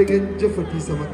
da ngeen jëfati sama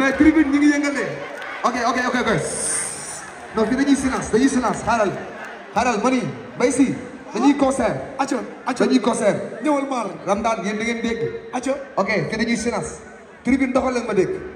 mais tribune ñi ngi yëngal de ok ok ok ok non fii dañuy silence dañuy silence xaaral xaaral mani bay si dañuy concert. acca acca dañuy concert. ñëwal maar Ramdaan yéen da ngeen dégg. acca ok fii dañuy silence tribune doxal leen ma dégg.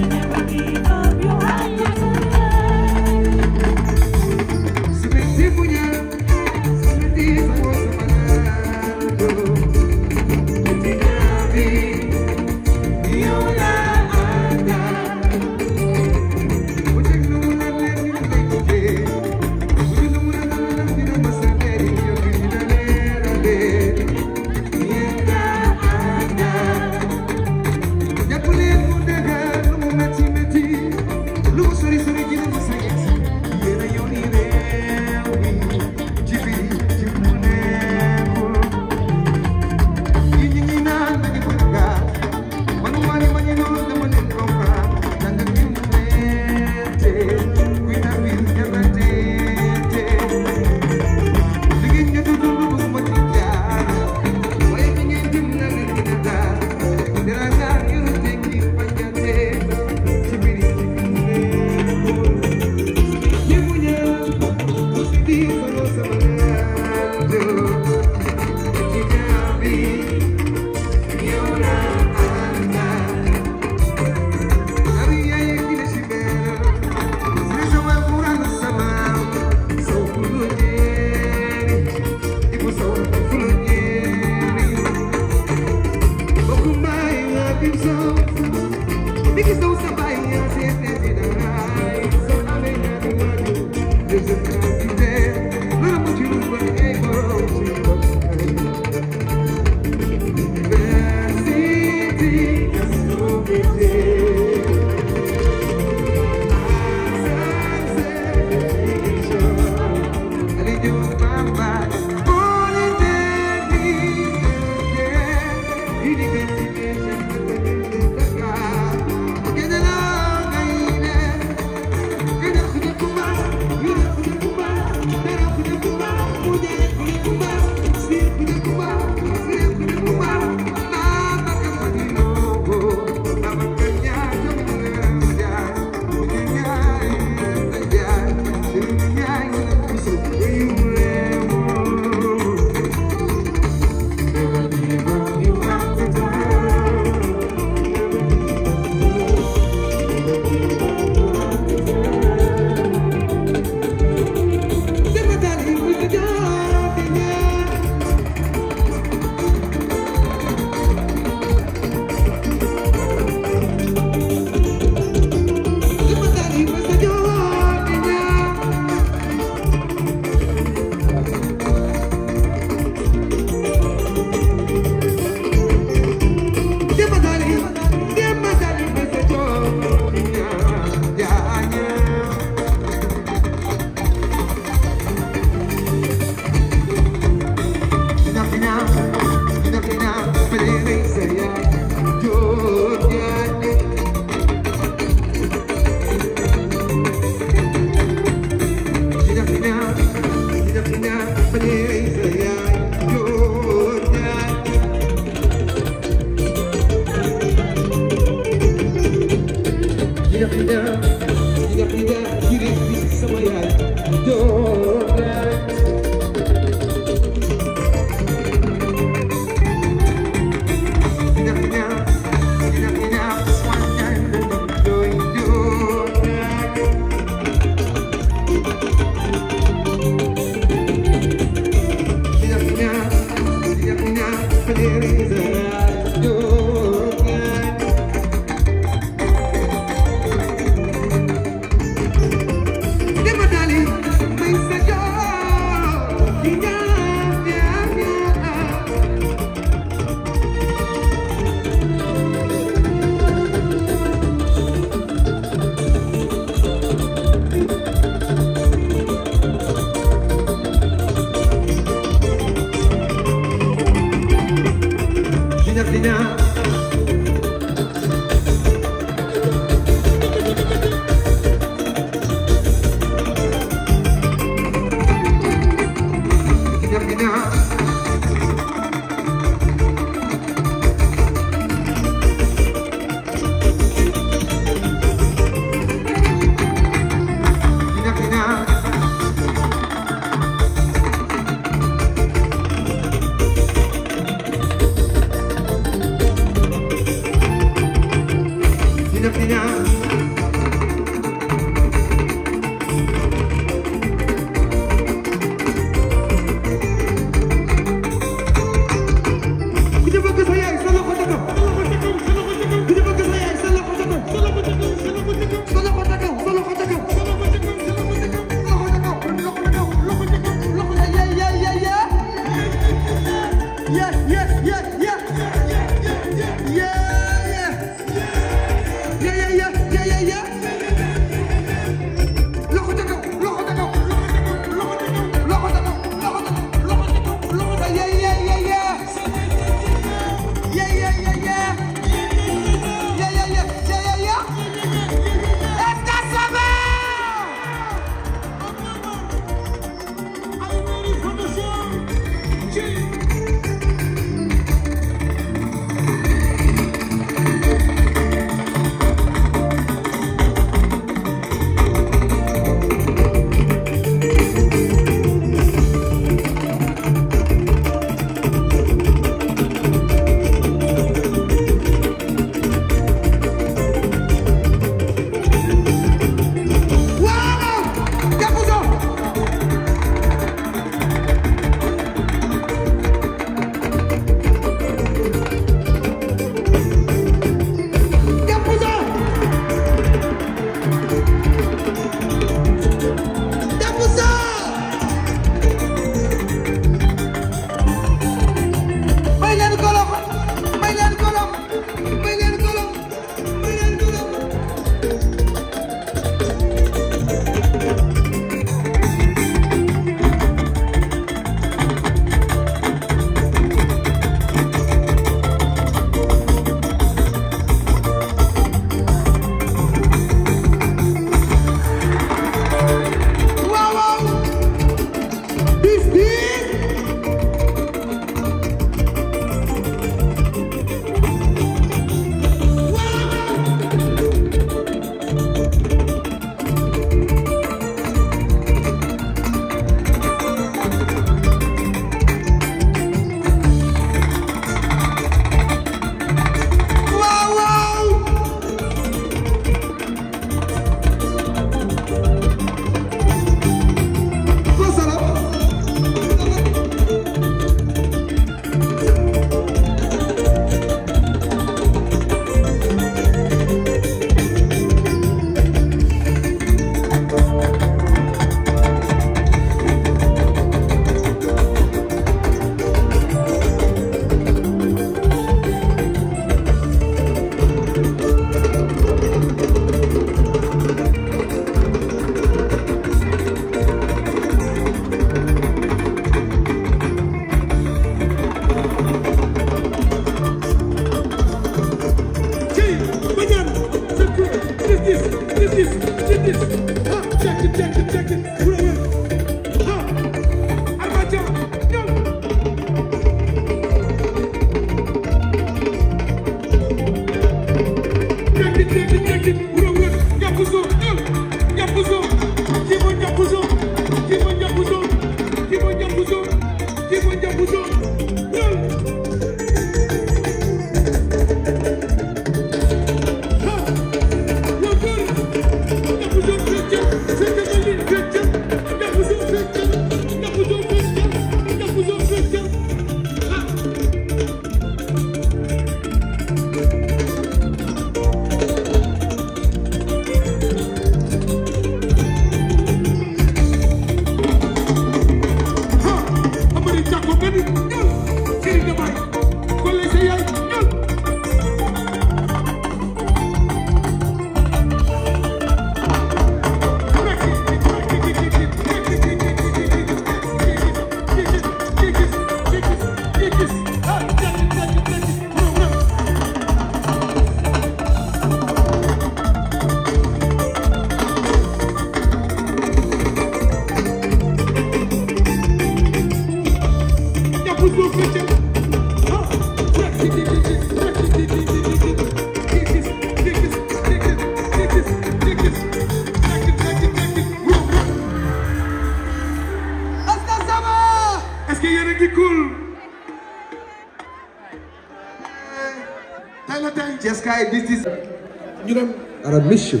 mission.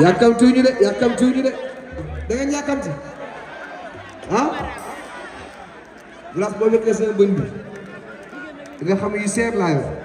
yàkkamtu ñu de yàkkamtu ñu de da ngeen yàkkamti ah glace boo wekkee seen bëñ bi nga xam yu seer laa yor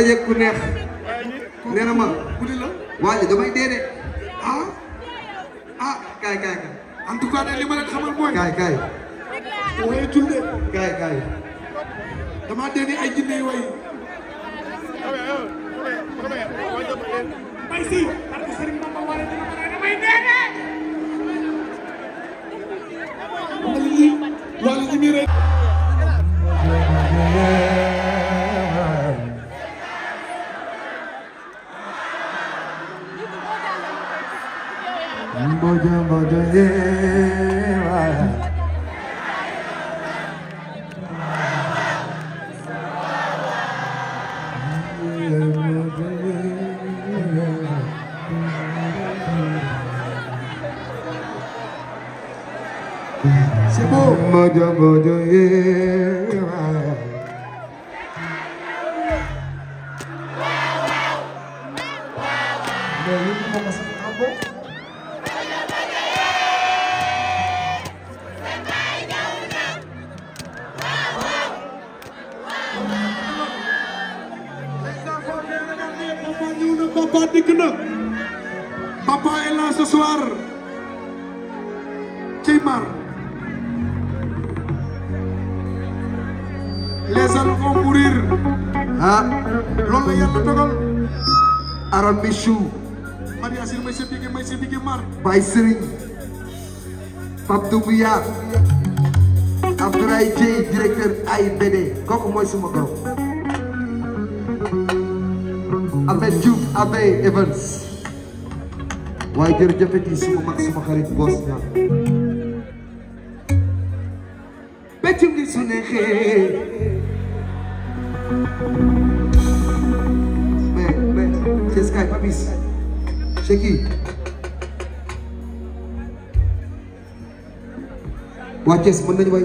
dajeeg ku neex nee na ma waa ji damay dee de Bodhu Dia Abdoulaye Dieye directeur AIBD kooku mooy suma goro Ahmed Diouf Abbey Evans waaye jërëjëfati suma mag suma xarit boos ñaan beccu ngi su neexee mais mais c'est ce qu'il y a pas waa Thiès mën nañu way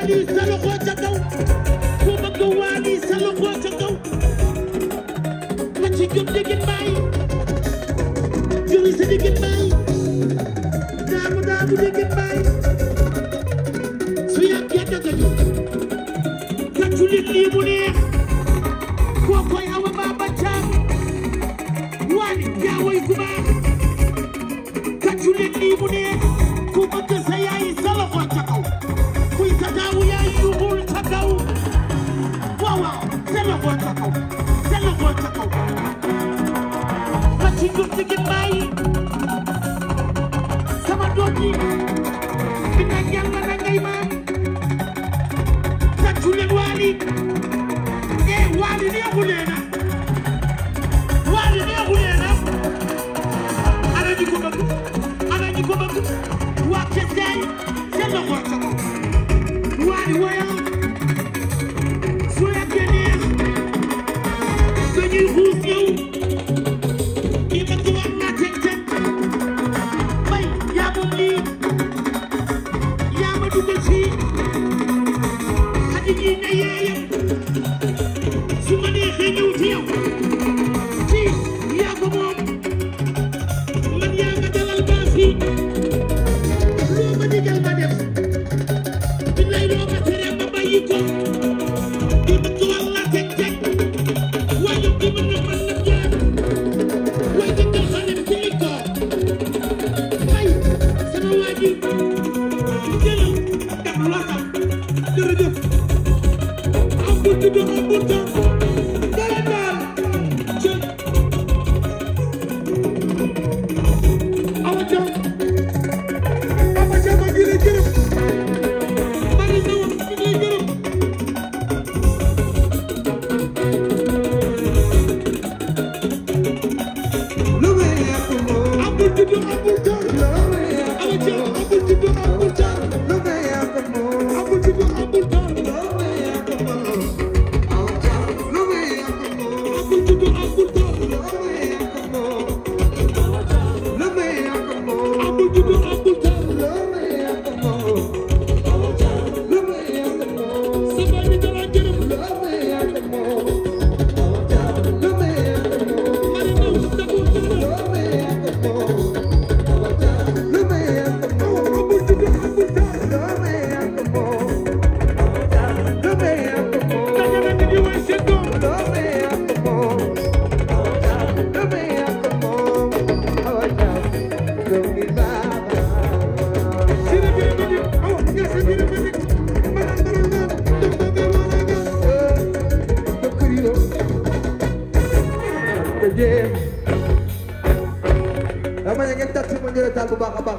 Saly sa loxo ca kaw ci ginnaaw yi sama doom yi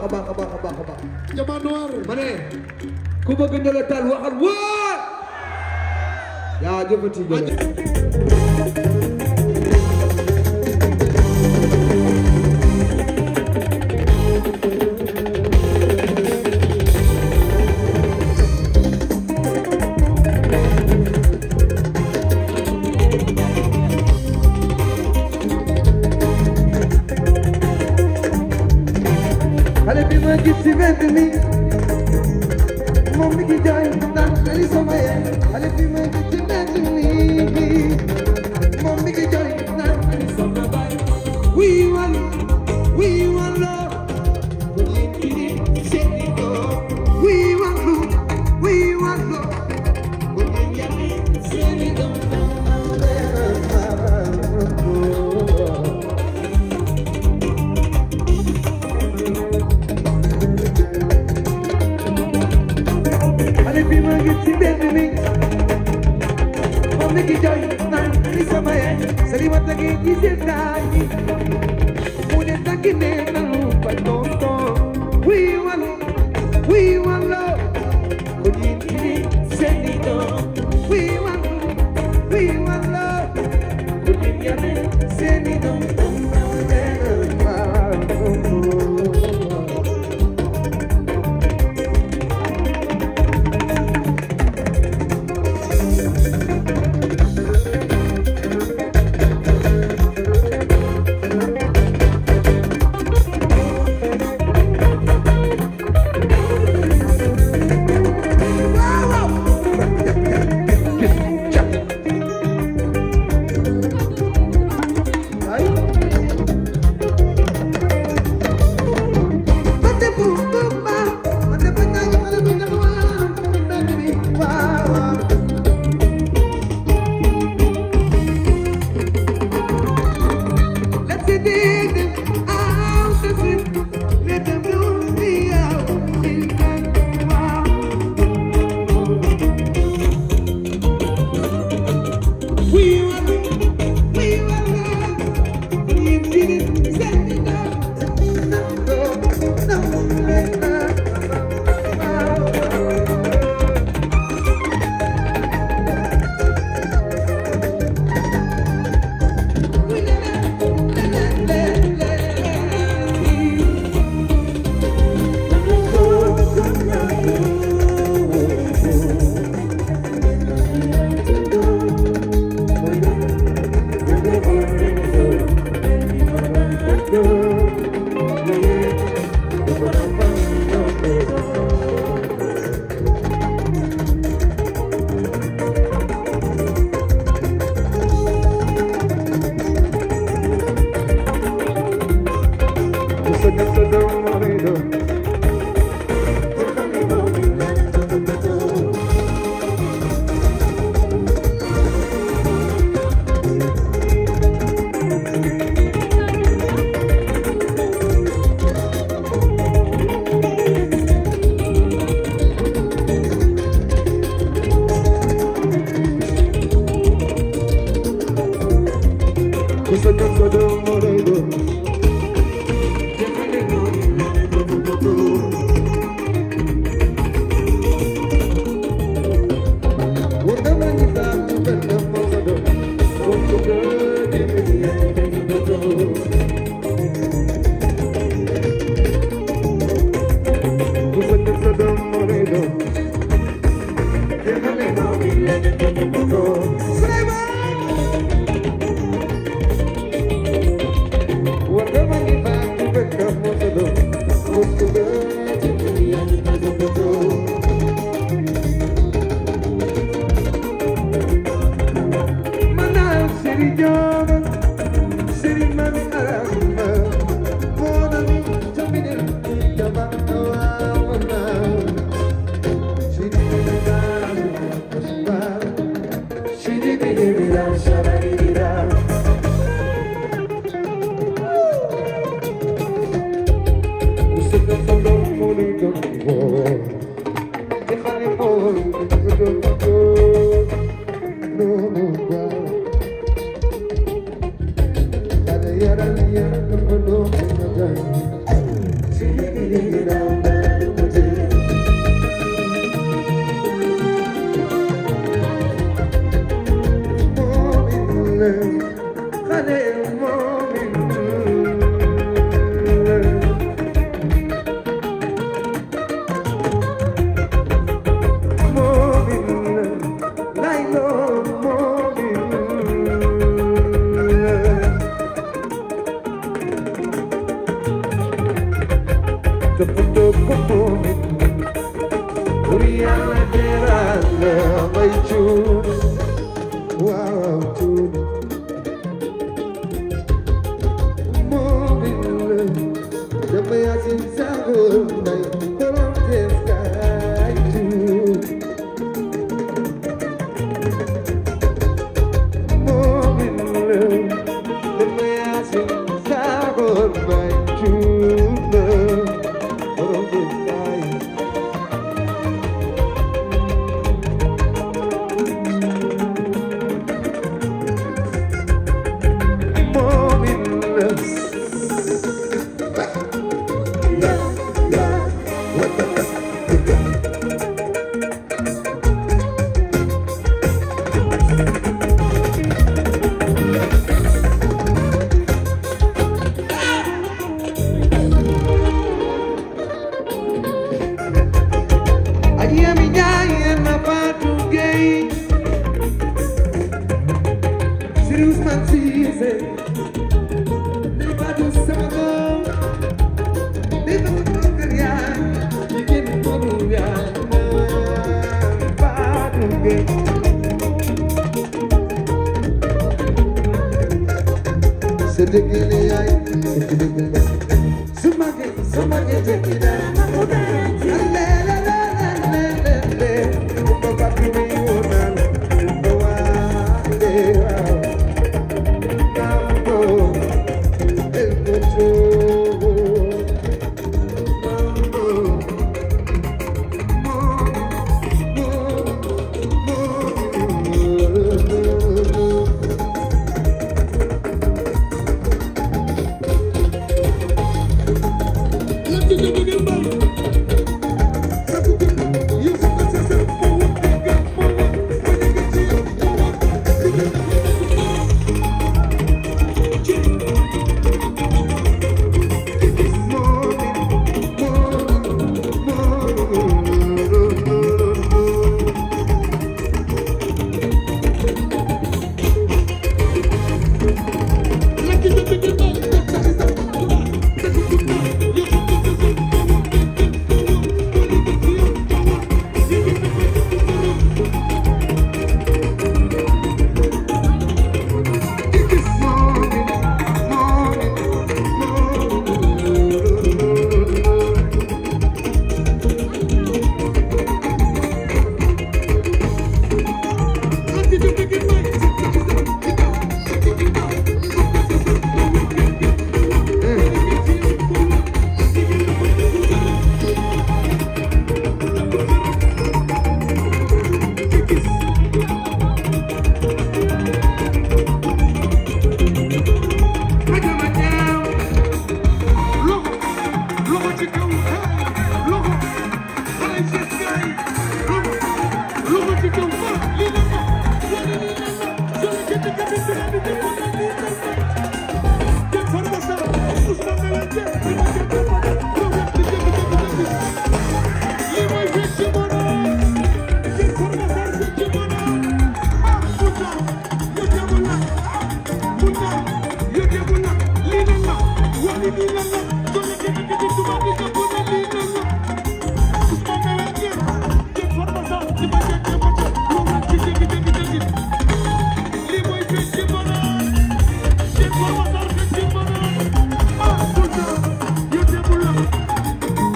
baax a baax a baax a baax a baax. Diamant Noir. ma ne ku bëgg njële taal waxal waa. yaa jëfati njële. ma gis ci mbedd mi moom mi ngi jooy naan li sama yaay Salimata ngi gisee taay yi mu ne takki ne na lu ba tonton wii walo wii walo ko ñi ni seeni doom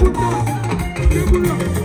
Dégoûtant, dégoûtant.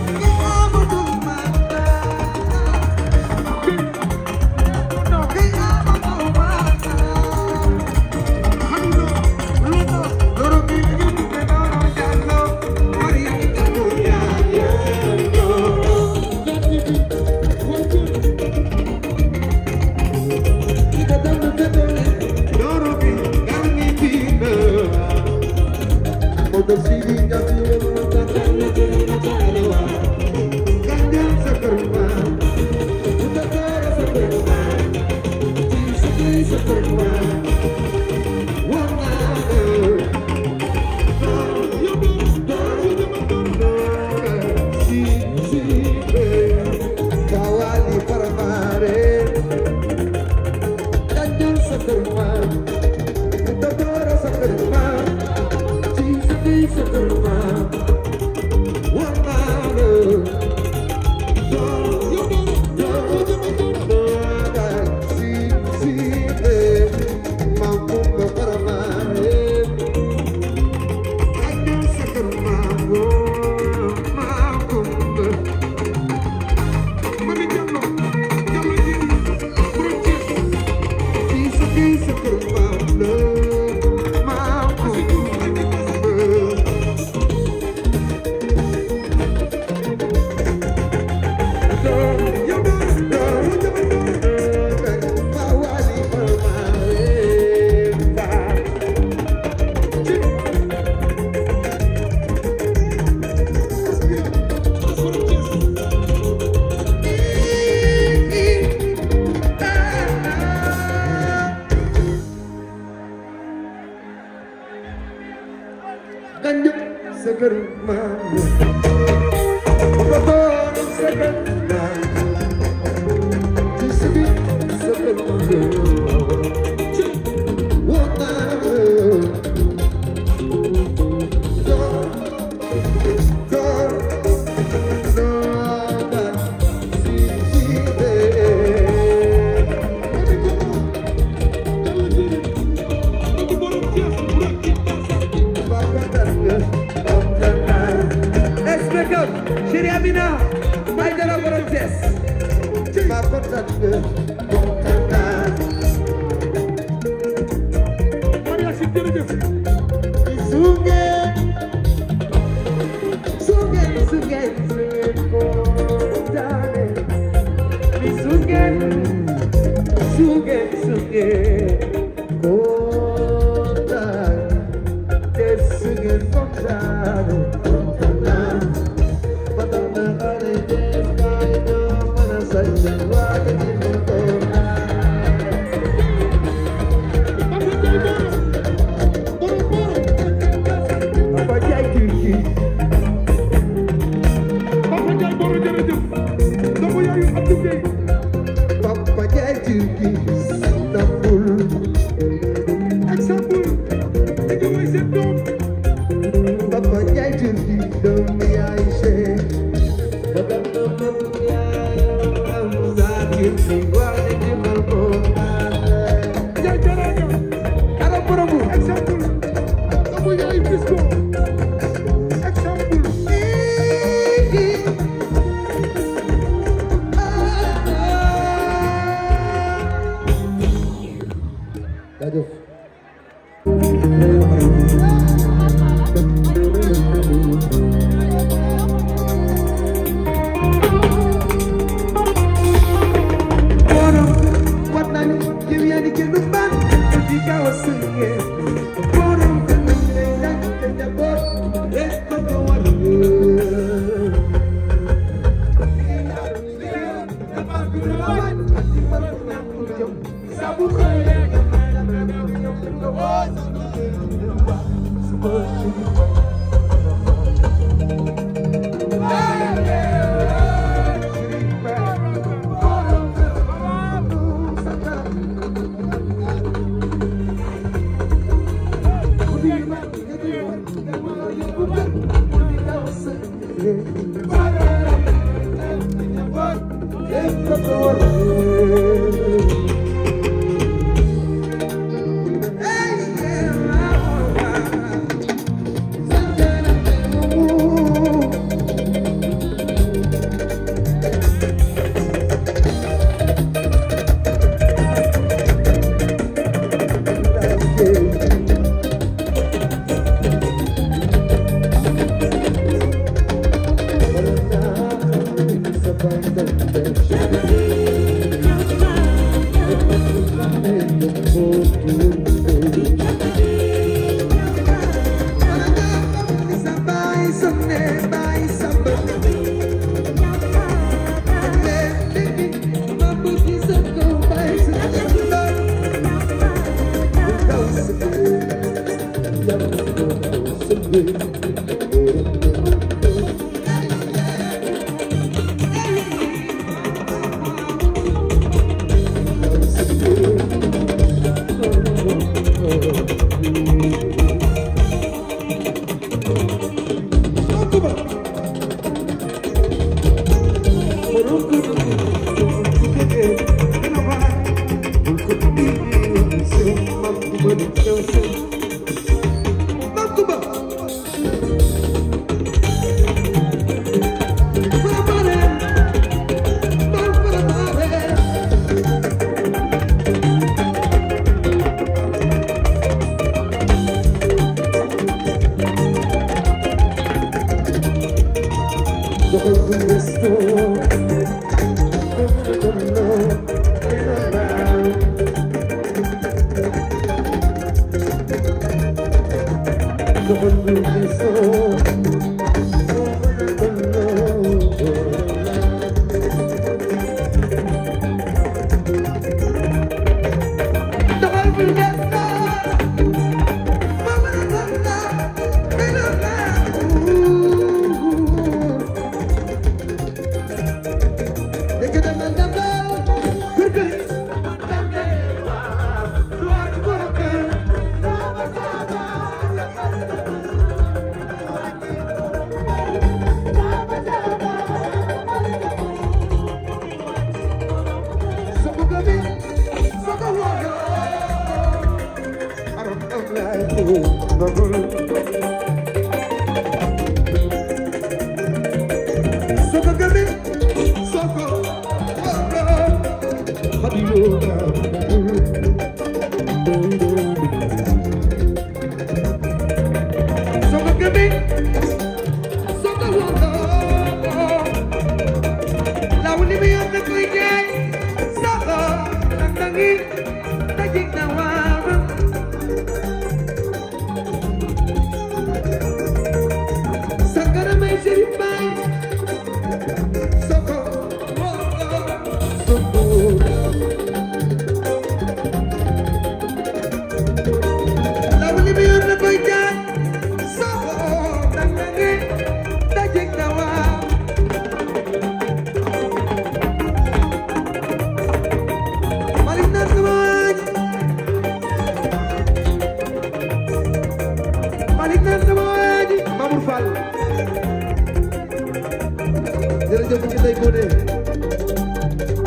te bu ci tey gone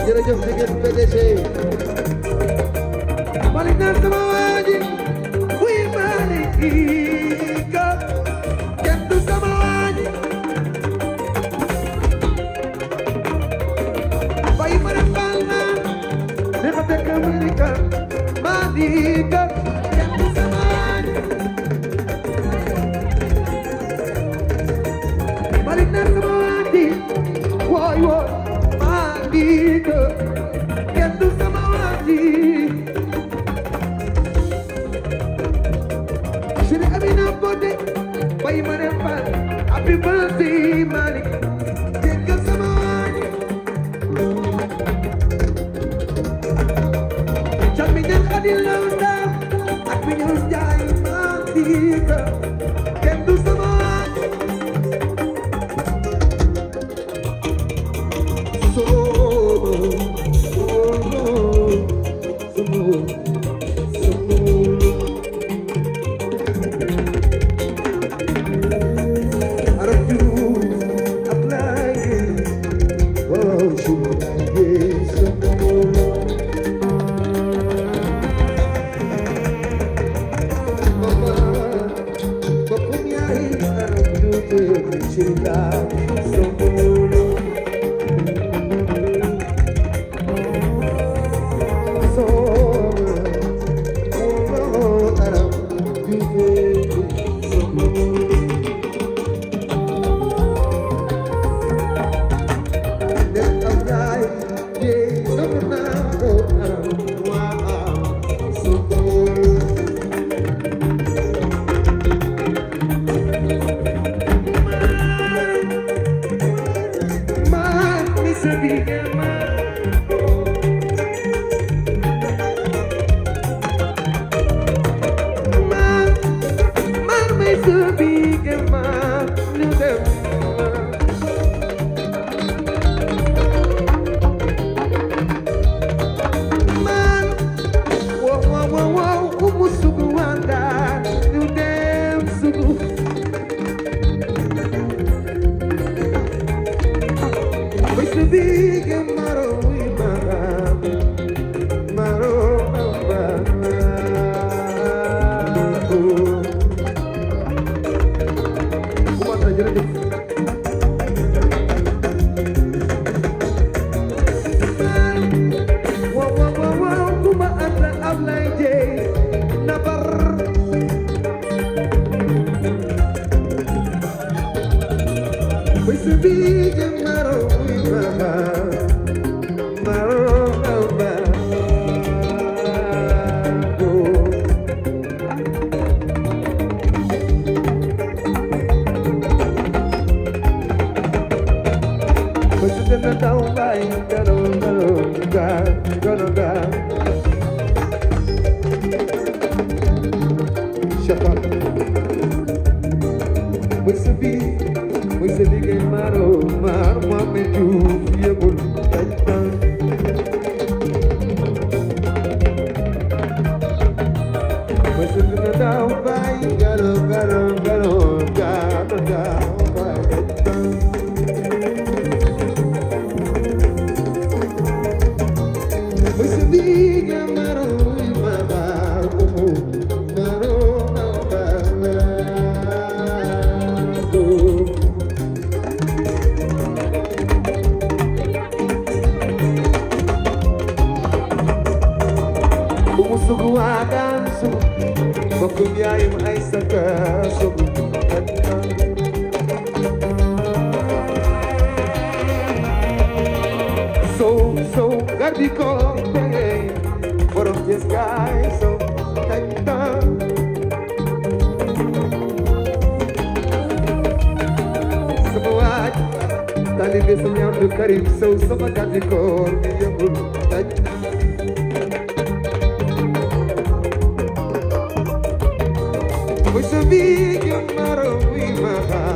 jërëjëf jigéen PDG Malick Nen magan su bokkum yaayum ay saka su so so gardi ko bay borom jes gaay so tanta sama waaj talibe sama ñaan du karim so sama gardi ko bi yëngul tanta river.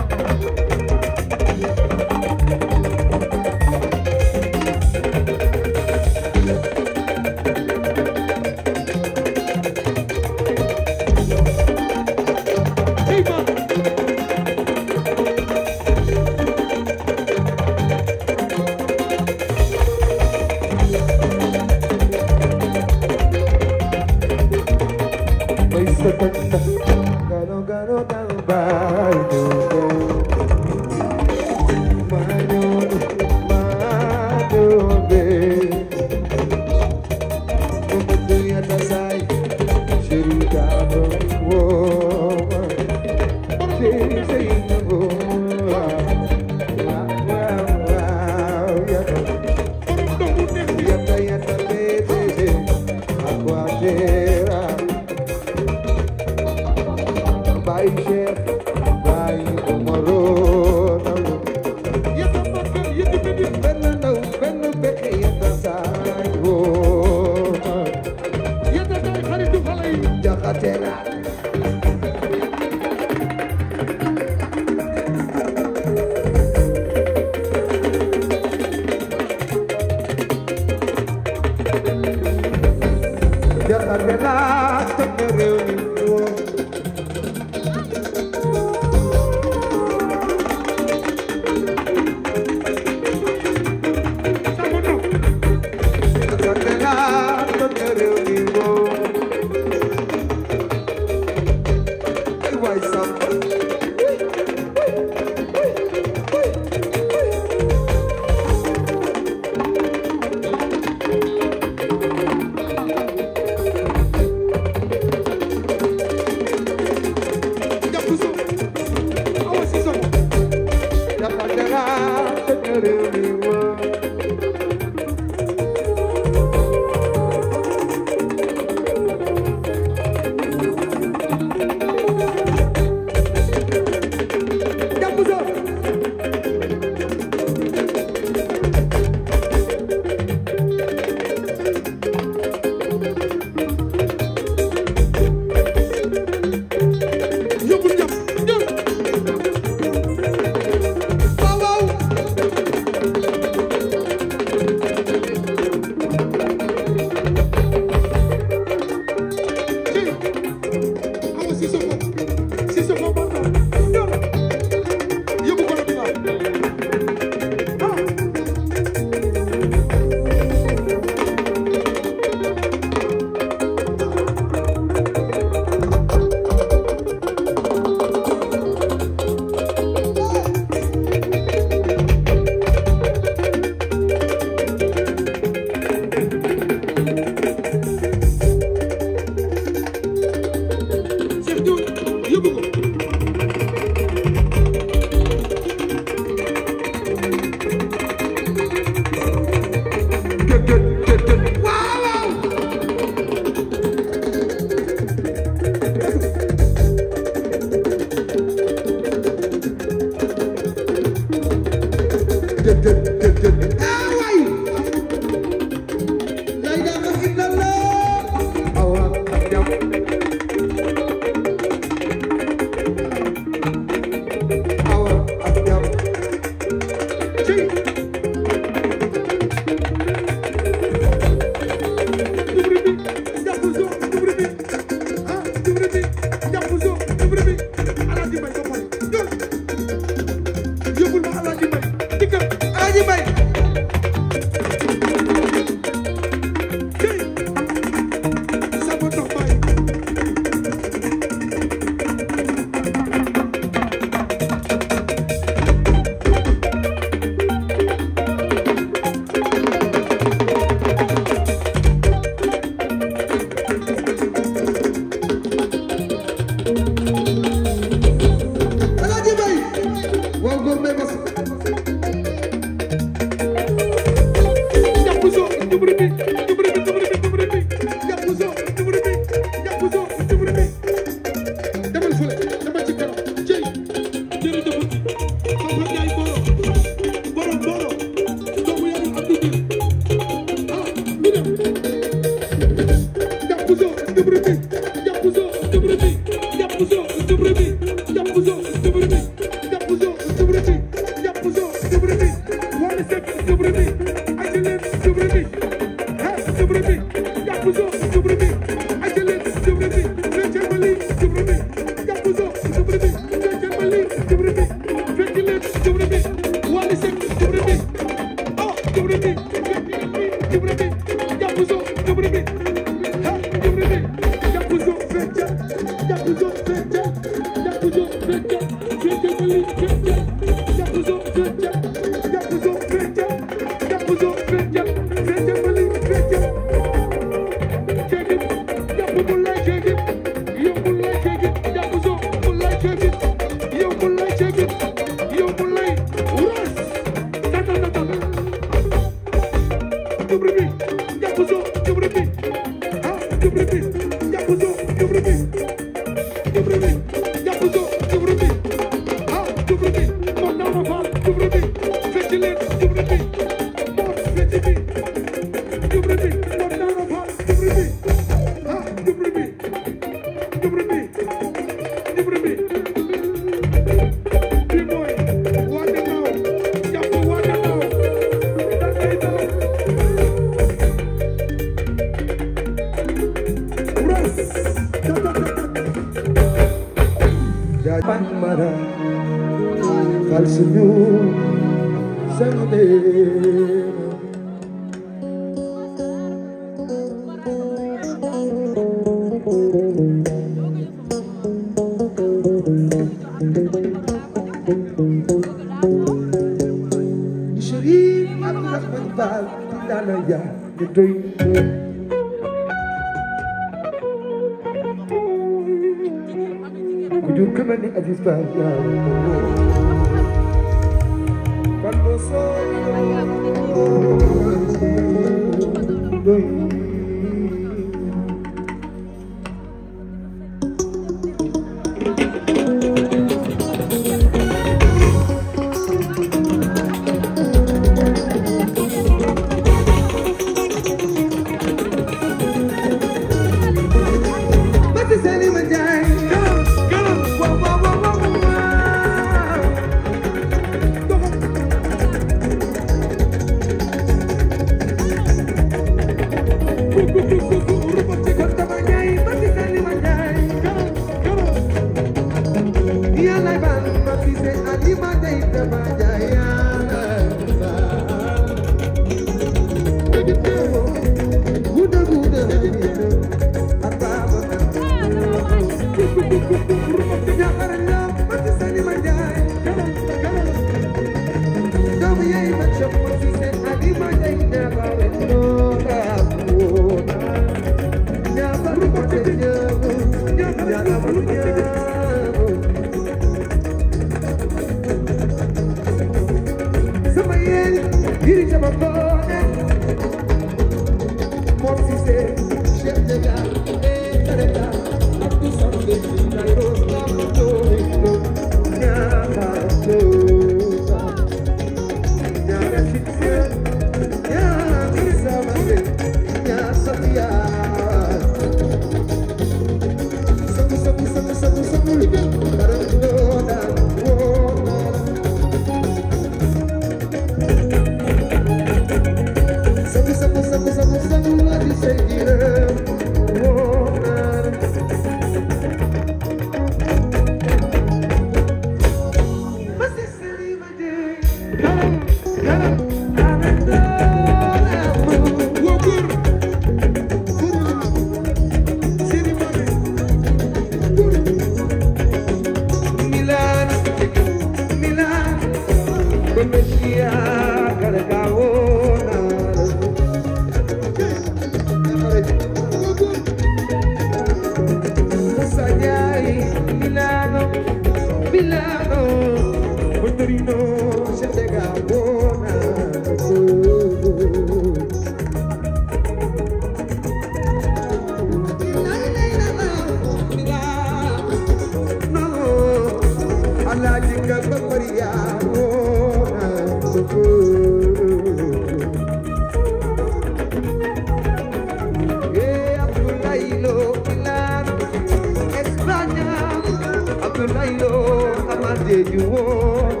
jeju woo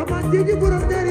naa la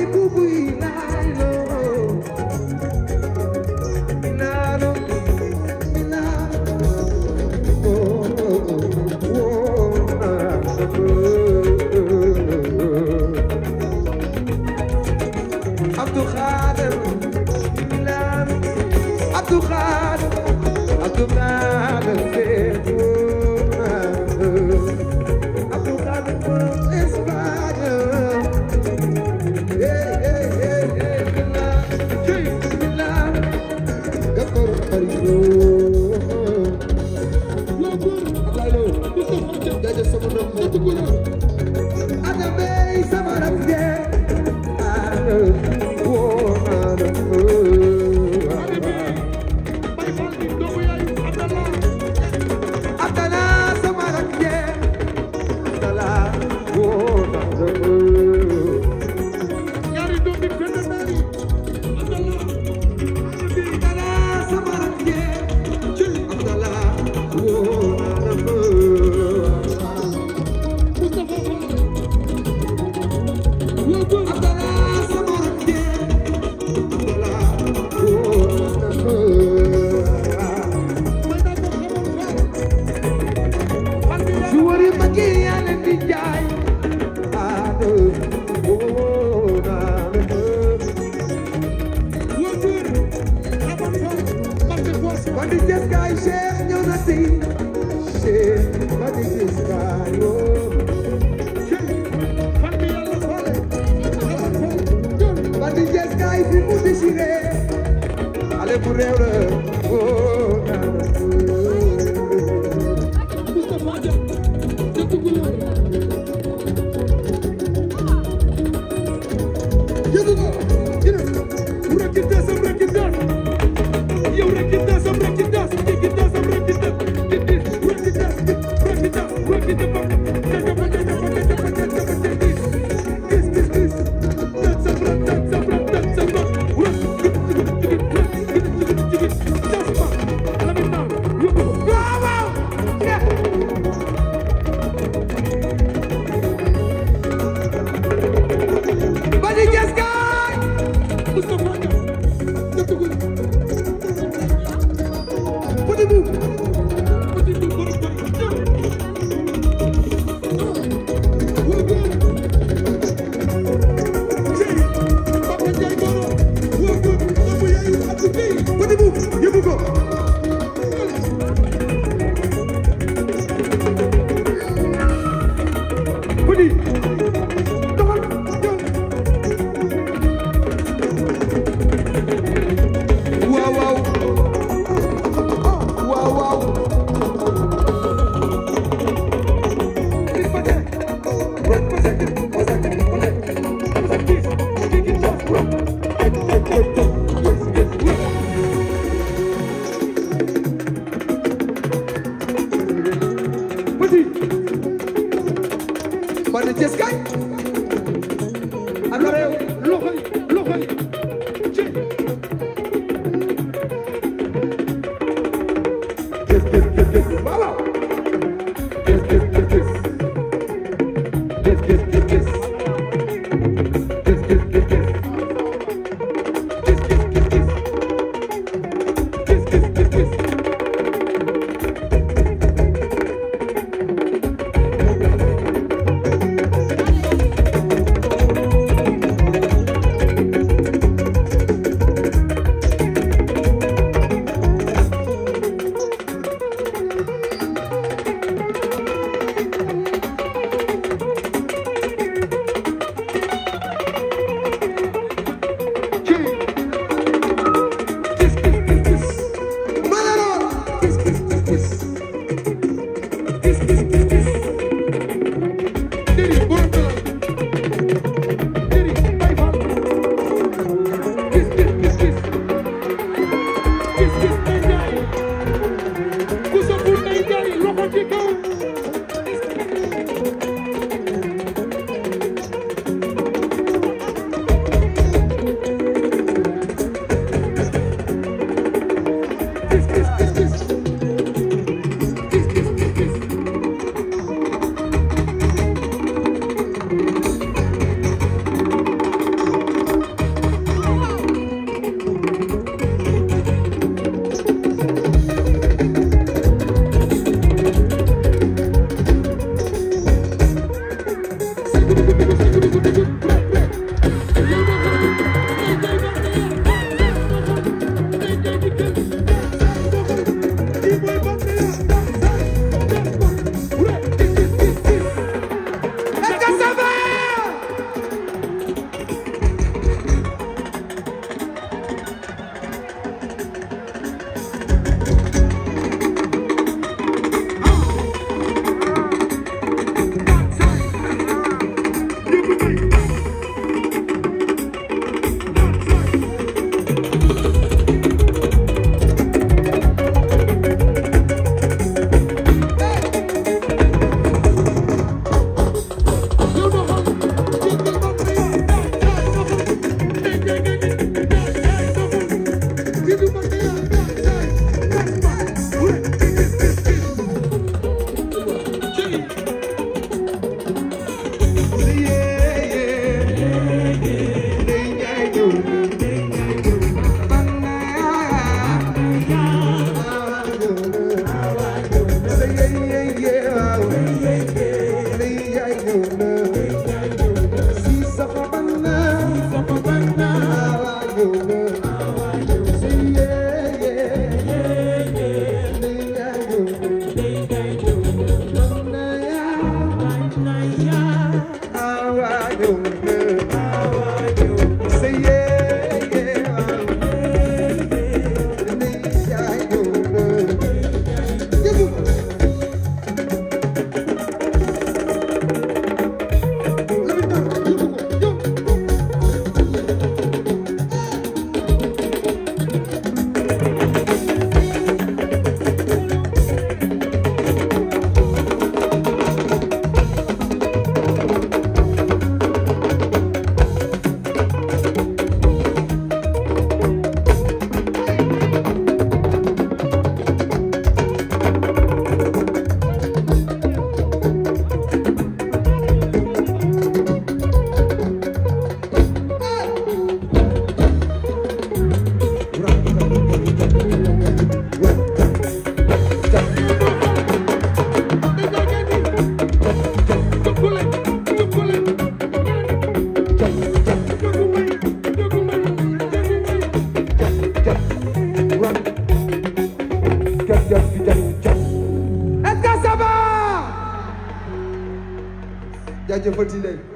jaajëfati leen